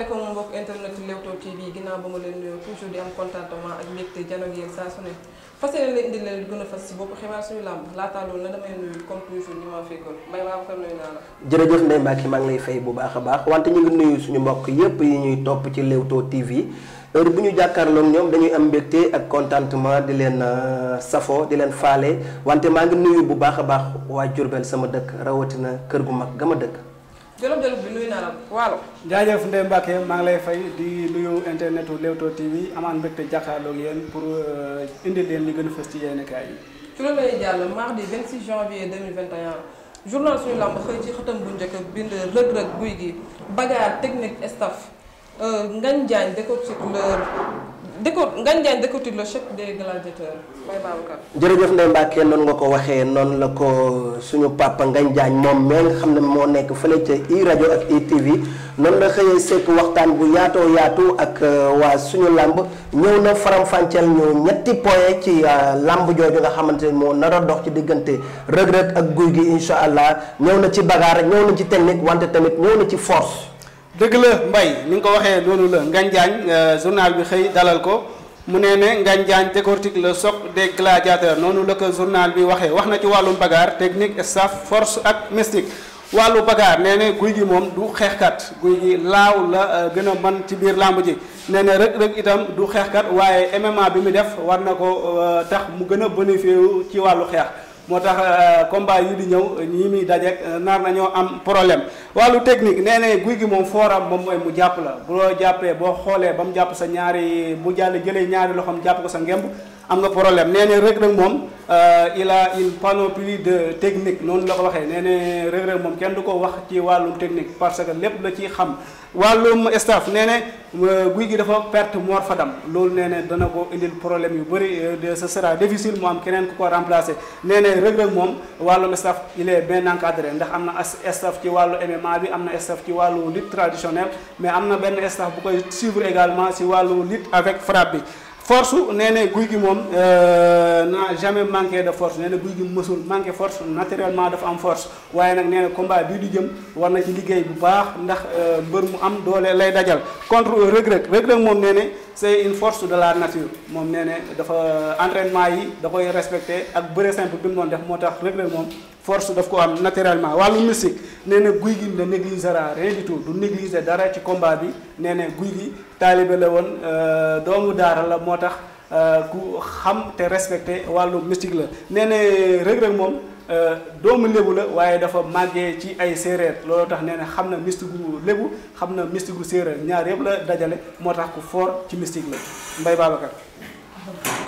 asalaamaaleykum mbokk internet Leewtoo TV ginnaaw leen nuyoo toujours di am contentement ak mbégte janoog yéen fas yéene la suñu làmb laataa na damay nuyu comme toujours ni ma maa ngi lay fay bu baax a baax wante ñu ngi nuyu suñu mbokk yépp yi ñuy topp ci Leewtoo TV heure bu ñu jàkkaarloog ñoom dañuy am mbégte ak contentement di leen euh, safo di leen faale wante maa ngi nuyu bu baax a baax waa Jurbel sama dëkk rawatina kër gu mag ga ma dëkk jolof jolof bi nuyu naa la waalo jaajëf Ndeye Mbacke maa lay fay di nuyu internetu Leewtoo TV amaan mbégte jàkkaarloog yéen pour euh, indi leen li gën a ci yenn kaay yi. ci loolu lay jàll mardi 26 janvier 2021 journal suñu lamb xëy ci xëtam bu njëkk bind rëg-rëg guy gi bagarre technique staff euh, Ngagne Diagne décortique leur déco Ngagne Diagne décortique le choc des gladiateurs. jërëjëf Ndeye Mbacke noonu nga ko waxee noonu la ko suñu papa Ngagne Diagne moom mee nga xam ne moo nekk fële ca i rajo ak i TV noonu la xëyee sekk waxtaan bu yaatoo yaatu ak euh, waa suñu làmb ñëw na faram-fàcceel ñu ñetti point ci euh, làmb jooju nga xamante ne moo nar a dox ci diggante Reug Reug ak guy gi incha allah ñëw na ci bagaar ñëw na ci technique wante tamit ñëw na ci force. dëgg la mbay ni nga ko waxee loolu la Ngagne Diagne euh, journal bi xëy dalal ko mu nee ne Ngagne Diagne décortique le choc des gladiateurs noonu la ko journal bi waxee wax na ci wàllum bagarre technique staff force ak mystique wàllu bagarre nee ne guy gi moom du xeexkat guy gi laaw la euh, gën a mën ci biir làmb ji nee ne Reug Reug itam du xeexkat waaye MMA bi mu def war na ko euh, tax mu gën a bénéfice ci wàllu xeex moo tax euh, combat yi di ñëw ñi muy daje euh, nar na ñoo am problème wàllu technique nee ne guy gi moom fooram moom mooy mu jàpp la boo jàppee boo xoolee ba mu jàpp sa ñaari bu jàll jëlee ñaari loxoom jàpp ko sa ngemb am na problème nee na Reug moom euh, il a une panoplie de technique noonu la ko waxee nee na Reug moom kenn du ko wax ci wàllum technique parce que lépp la ci xam wàllum staff nee na euh, guy gi dafa perte Mor Fadam loolu nee na dana ko indil problème yu bëri euh, ce sera difficile mu am keneen ku ko remplacer nee na moom wàllum staff il est bien encadré ndax am na staff ci wàllu MMA bi am na staff ci wàllu lutte traditionnelle mais am na benn staff bu koy suivre si wàllu lutte avec frappe bi. force nee na guy gi moom euh, n'a jamais manqué de force nee na guy gi mësul manqué force naturellement dafa am force waaye nag nee combat bii du jëm war na ci liggéey bu baax ndax euh, mbër mu am doole lay dajal contre Reug Reug Reug Reug moom nee ne c'est une force de la nature moom nee ne dafa entraînement yi da koy respecté ak bëre simple bi mu doon def moo tax Reug moom force daf ko am naturellement wàllu mystique nee na guy gi ne négligera rien du tout du négliger dara ci combat bi nee ne guy gi taalibe la woon euh, doomu daara la moo tax euh, ku xam te respecté wàllu mystique la nee ne Reug Reug moom Euh, doomu lébu la waaye dafa màggee ci ay séeréer looloo tax nee ne xam na mystique gu lébu xam na mystique gu séeréer ñaar yëpp la dajale moo tax ku foor ci mystique la Mbaye Babacar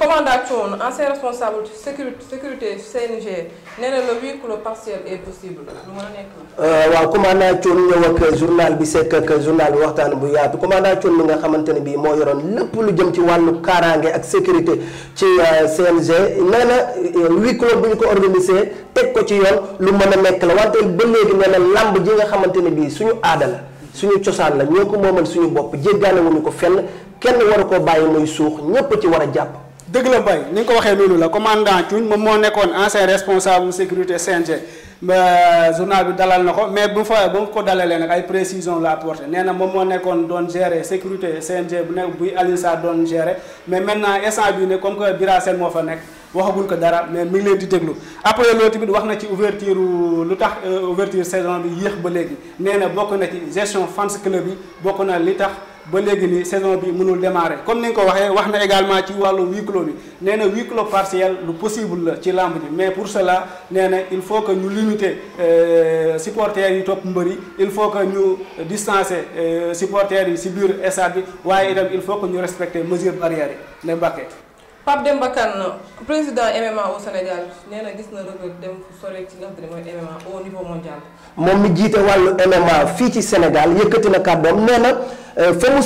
commandant Thion ancien responsable sécurité sécurité CNG nee na le huis partiel est possible lu mën a nekk. Euh, waaw commandant Thion ñëw ak journal bi sekk ak journal bi waxtaan bu yaatu commandant Thion mi nga xamante ne bii moo yoroon lépp lu jëm ci wàllu kaaraange ak sécurité ci euh, CNG nee na euh, huis bu ñu ko organisé teg ko ci yoon lu mën a nekk la wante ba léegi nee làmb ji nga xamante ne bii suñu aada suñu cosaan la ñoo ko moomal suñu bopp jéggaane wuñu ko fenn kenn waru koo bàyyi muy suux ñépp ci war a jàpp. dëgg la Mbaye ni nga ko waxee noonu la commandant Thioune moom moo nekkoon ancien responsable sécurité CNG journal bi dalal na ko mais bu fa ba mu ko dalalee nag ay précision la apporté nee na moom moo nekkoon doon gérer sécurité CNG bu nekk buy Alioune doon gérer mais maintenant instant bi ne comme que Bira Sène moo fa nekk waxagul ko dara mais mi ngi leen di déglu après loolu tamit wax na ci ouverture lu tax euh, ouverture saison bi yéex ba léegi nee na bokk na ci gestion fans club yi bokk na li tax ba léegi nii saison bi mënul démarrer comme ni nga ko waxee wax na également ci wàllu huis clos bi nee na huis clos partiel lu possible la ci làmb ji mais pour cela nee na il faut que ñu limiter euh, supporters yi topp mbër yi il faut que ñu distancer euh, supporters yi si biir stade bi waaye itam il faut que ñu respecter mesures barrières yi ne Mbacké Pape Demba Kane président MMA au Sénégal nee na gis na Reug Reug dem fu sore ci nga xam mooy MMA au niveau mondial. moom mi jiite wàllu MMA fii ci Sénégal yëkkati na kàddoom nee na euh, fa mu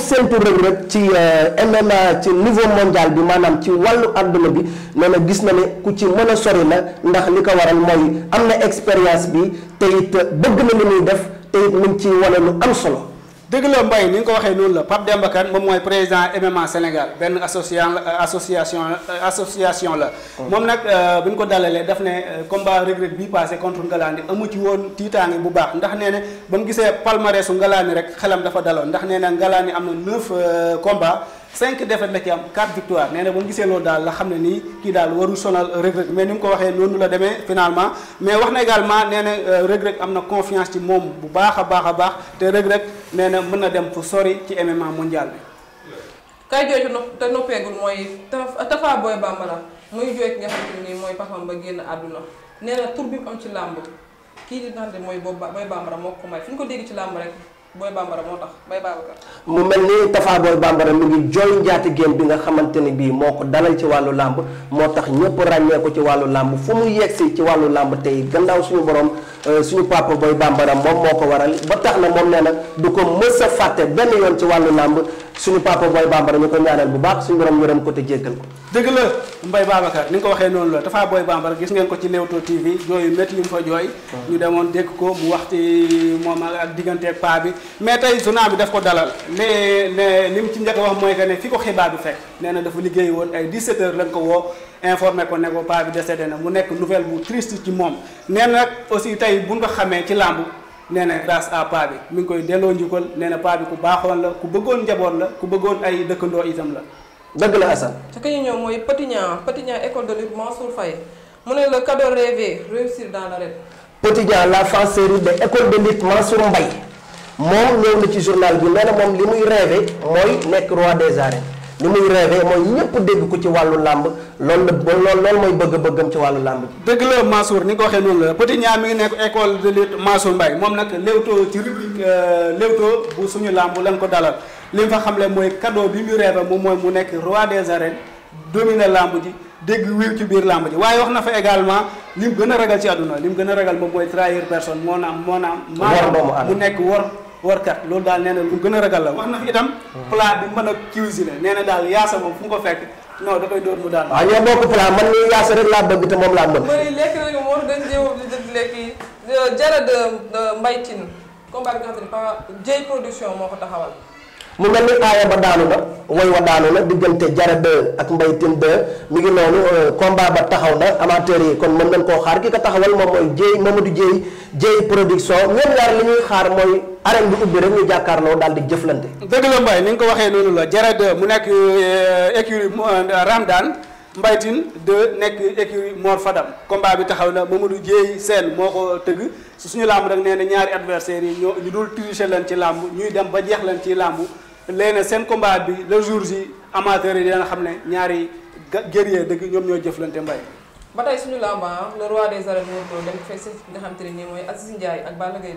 ci euh, MMA ci niveau mondial bi maanaam ci wàllu àdduna bi nee na gis na ne ku ci mën a sori na ndax li ko waral mooy am na expérience bi te it bëgg na li muy def te it mu ngi wane lu am solo. dëgg la mbay ni ñu ko waxee noonu la Pape Demba moom mooy président MMA Sénégal benn association association association la. moom nag euh, bu ñu ko dalalee daf ne euh, combat Reug Reug bii passé contre Ngalani amu ci woon tiitaange bu baax ndax nee na ba mu gisee palmarèsu Ngalani rek xelam dafa daloon ndax nee na Ngalani am na neuf euh, combats. cinq défaites la ci am quatre victoires nee na ba mu gisee loolu daal la xam ne ni kii daal waru sonal Reug Reug mais ni mu ko waxee noonu la demee finalement mais wax na également nee na euh, Reug Reug na confiance ci moom bu baax a baax a baax te Reug Reug nee na mën na dem fu sori ci MMA mondial bi. kay jooju nopp te noppeegul mooy Tafa Boy Bambara muy jooy ki nga xamante ni mooy ba génn àdduna nee na tur bi mu am ci làmb kii di naan mooy boobu Boy Bambara moo ko may fu ñu ko dégg ci làmb rek. booy bambara moo tax bay Babacar. mu mel ni Tafa booy bambara mu ngi jooy njaati géem bi nga xamante ni bii moo ko dalal ci wàllu làmb moo tax ñëpp ràññee ko ci wàllu làmb fu mu yegsi ci wàllu làmb tey gannaaw suñu borom. Euh, suñu papa booy bambara moom boo ko waral ba tax na moom nee na du ko mës a fàtte benn yoon ci wàllu làmb suñu papa booy bambara ñu ko ñaanal bu baax suñu borom yërëm ko te jéggal ko waxee noonu la dafa booy bambara gis ngeen ko ci Leewtoo TV jooyu métti yi mu fa jooy hmm. ñu demoon dégg ko mu wax ci moom ak diggante ak paa bi mais tey journal bi daf ko dalal ne ne li mu ci njëkk wax mooy que ne fi ko xibaar bi fekk nee na dafa liggéey woon ay 17 heures lañ ko woo informé ko ne ko paa bi décédé na mu nekk nouvelle bu triste ci moom nee na nag aussi tey bu nga xamee ci làmb nee na grâce à paa bi mi ngi koy delloo njukkal nee na paa bi ku baaxoon la ku bëggoon njaboot la ku bëggoon ay dëkkandoo itam la. dëgg la Assane. su ko ñëw mooy Petit Niang Petit Niang école de lutte Mansour Faye mu ne le cadeau rêvé réussir dans la fan série de école de lutte Mansour Mbaye moom ñëw na ci journal bi nee na moom li muy rêvé mooy nekk roi des arènes. li muy rêvé mooy ñëpp dégg ko ci wàllu làmb loolu la loolu loolu mooy bëgg-bëggam ci wàllu làmb dëgg la Mansour ni nga ko waxee noonu la Petit Niang mi nekk école de lutte Mansour Mbaye moom nag Leewtoo ci rubrique euh, Leewtoo bu làmb lañ ko dalal li mu fa xamle mooy cadeau bi mu rêvé moom mooy mu nekk roi des arènes dominer làmb ji dégg wiiw ci biir làmb ji waaye wax na fa également li gën a ragal ci àdduna li mu gën a ragal moom mooy trahir personne moo naam moo naam maanaam mu nekk wor warkat loolu daal nee na lu gën a ragal la wax na fi itam plat bi mën a cuisiner nee na daal yaasa moom fu mu ko fekk non da koy dóor mu daal man ni yaasa rek laa moo dañ jéewob li dëf lekki euh, jara de Mbaye Tine combat bi nga xam ne pa jëy production moo ko taxawal mu mel ni aaya ba daanu na woy wa daanu na diggante Jara ak Mbaye Tine 2 mi ngi noonu euh, combat ba taxaw na amateur yi kon mën nañ koo xaar ki ko taxawal moom mooy Dieye Mamadou Dieye Dieye production ñoom ñaar li ñuy xaar mooy arène bi ubbi rek ñu jàkkaarloo daal di jëflante. dëgg la Mbaye ni nga ko waxee noonu la Jared mu nekk euh, écurie euh, Ramdan Mbaye Tine de nekk écurie Mor Fadam combat bi taxaw na Mamadou Dieye seen moo ko tëgg su suñu làmb rek nee na ñaari adversaires yi ñoo ñu dul tricher leen ci làmb ñuy dem ba jeex leen ci làmb léegi seen combat bi le jour ji amateur yi dina xam ne ñaari ga guerrier dëgg ñoom ñoo jëflante Mbaye. ba tey suñu làmb le roi des arènes moo dem fekk nga xam te ne nii mooy Aziz Ndiaye ak Balla Gaye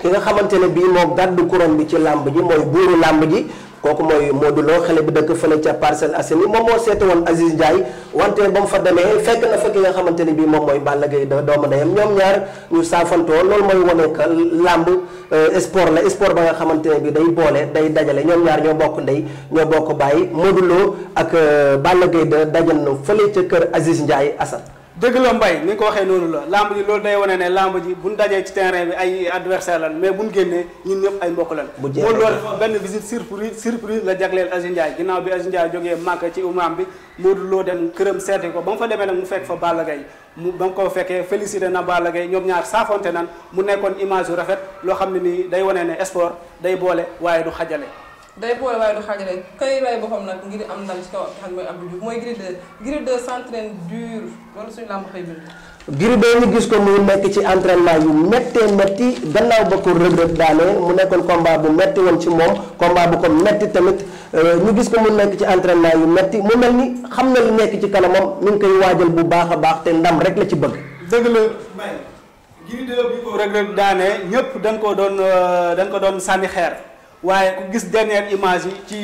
ki nga xamante ne bii moo gàddu couronne bi ci làmb ji mooy buuru làmb ji kooku mooy Modou Lo xale bi dëkk fële ca Parcelles Assainies moom moo seeti woon Aziz Ndiaye wante ba mu fa demee fekk na fa ki nga xamante ne bii moom mooy Balla Gaye da doomu ndeyam ñoom ñaar ñu saafantoo loolu mooy wane que làmb euh, sport la sport ba nga xamante ne bii day boole day dajale ñoom ñaar ñoo bokk ndey ñoo bokk bàyyi Modou Lo ak euh, Balla Gaye da dajal na fële ca kër Aziz Ndiaye Assane. dëgg la mbay ni nga ko waxee noonu la lamb ji loolu day wane ne lamb ji buñ dajee ci terrain bi ay adversaire lan mais buñ génnee ñun ñëpp ay mbokk lan moo loolu benn visite surprise surprise la jagleel Aziz Ndiaye ginnaaw bi Aziz Ndiaye jógee Màkka ci bi Modou Lo dem këram seeti ko ba mu fa demee nag mu fekk fa Balla mu ba nga ko fekkee félicité na Balla Gaye ñoom ñaar saafonte nan mu nekkoon image yu rafet loo xam ne nii day wane ne sport day boole waaye du xajale day boole waaye du xaajale kay ray boppam nag ngir am ndam ci kaw xam mooy Abdou de mooy Gris 2 Gris 2 s'entraîne dur loolu suñu làmb xëy bind Gris 2 ñu gis ko muy nekk ci entraînement yu méttee métti gannaaw ba ko rëg-rëg daanee mu nekkoon bu métti ci moom combat bu ko métti tamit euh, ñu gis ko mu nekk ci entraînement yu métti mu mel ni xam na lu nekk ci kanamam mu ngi koy waajal bu baax a baax te ndam rek la ci bëgg dëgg la Gris 2 bi ko rëg-rëg daanee ñëpp dañ ko doon euh, dañ ko doon sànni xeer waaye ku gis dernière image yi ci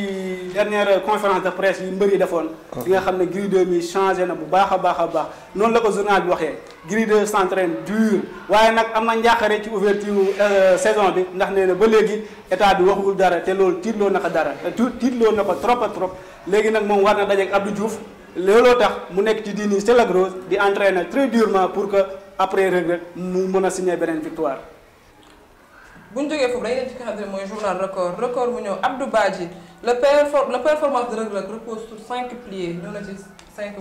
dernière conférence de presse yi mbër yi defoon. di nga xam ne Gris 2 mi changé na bu baax a baax a baax noonu la ko journal bi waxee Gris 2 s'entraîne dur waaye nag am na njàqare ci ouverture euh, saison bi ndax nee na ba léegi état bi waxul dara te loolu tiitloo na ko dara tu tiitloo na ko trop a trop léegi nag moom war na dajeek Abdou Diouf looloo tax mu nekk ci diini c'est la grosse di entraîner très durement pour que après regret mu mën a signer beneen victoire. bu ñu jógee foofu dañuy dem ci ki nga record record mu ñëw Abdou Badji le perfor le performance de Reug Reug repose sur cinq pliés ñëw na ci yi lu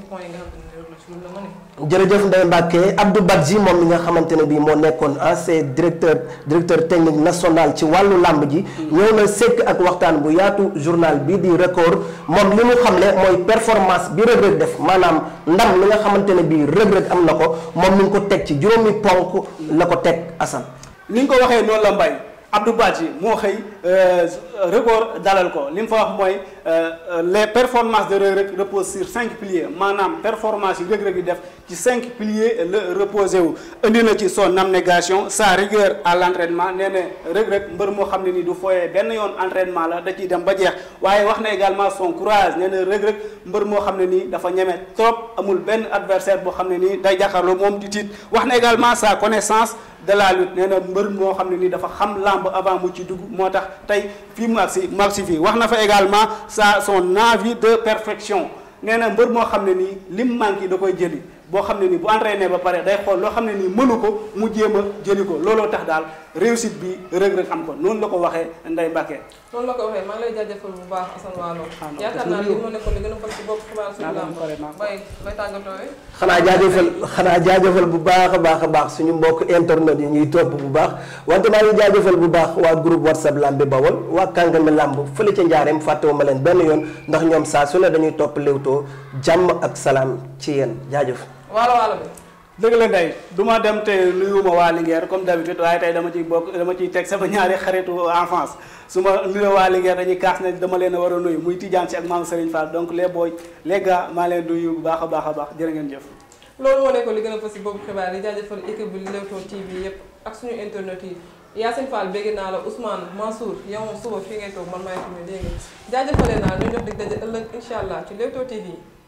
moom mi nga xamante ne bii moo nekkoon ancien directeur directeur technique national ci wàllu làmb ji. ñëw na ak waxtaan bu yaatu journal bii di record moom li mu xam ne mooy performance bi Reug def maanaam ndam li nga xamante ne bii Reug am na ko moom mi ngi ko teg ci juróomi ponk la ko teg Assane. ni nga ko waxee noonu la Mbaye Abdou Badji moo xëy Euh, record dalal ko li mu fa wax mooy euh, les performances de Reug Reug reposent sur cinq piliers maanaam performance yi Reug Reug yi def ci cinq piliers la wu. indi na ci nam négation sa rigueur à l' entraînement nee na Reug mbër moo xam ne nii du fooyee benn yoon entraînement la da ciy dem ba jeex waaye wax na également son courage nee na Reug mbër moo xam ne nii dafa ñeme trop amul benn adversaire boo xam ne nii day jàkkaarloo moom di tiit wax na également sa connaissance de la lutte nee mbër moo xam ne nii dafa xam lamb avant mu ci dugg moo tax. tey fi mu agsi mu agsi fii wax na fa également sa son envie de perfection nee na mbër moo xam ne nii lim manqué da koy jëli boo xam ne nii bu entraîné ba pare day xool loo xam ne nii mënu ko mu jéem a jëli ko looloo tax daal réussit bi rëg-rëg am ko noonu la ko waxee Ndeye Mbacké noonu bu baax ah, a fas ci bopp xibaar xanaa jaajëfal xanaa jaajëfal bu baax a baax a baax suñu mbokk internet yu ñuy topp bu baax wante maa ngi jaajëfal bu baax waa groupe whatsapp lambi bawol waa kàngami lamb fële ca njaareem fàttewuma leen benn yoon ndax ñoom saa su ne dañuy topp Leewtoo jàmm ak salaam ci yéen jaajëf waalo waalo bi. dëgg la Ndeye du ma dem tey nuyuwuma waa Linguère comme d'habitude waaye tey dama ciy bokk dama ciy teg sama ñaari xaritu enfance su ma nuyoo waa Linguère dañuy kaas ne dama leen war a nuyu muy Tidiane Sy ak maam Serigne Fall donc les boy maa leen nuyu bu baax a baax a baax jërë ngeen jëf. loolu wane ko li gën a fës si boobu xibaar yi jaajëfal équipe bi Leewtoo TV yëpp ak suñu internet yi. Yacine Fall bégg naa la Ousmane Mansour yow moom suba fii ngay toog man maa ngi fi muy allah ci Leewtoo TV.